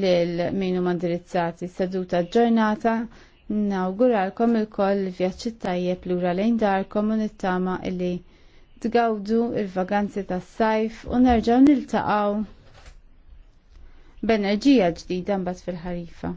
lil minu mandirizzati seduta ġurnata nawguralkom il-koll vjaċċi tajjeb lura lejn darkom u nittama illi tgawdu il-vaganzi tas-sajf u nerġgħu niltaqgħu b'enerġija ġdida mbagħad fil-ħarifa.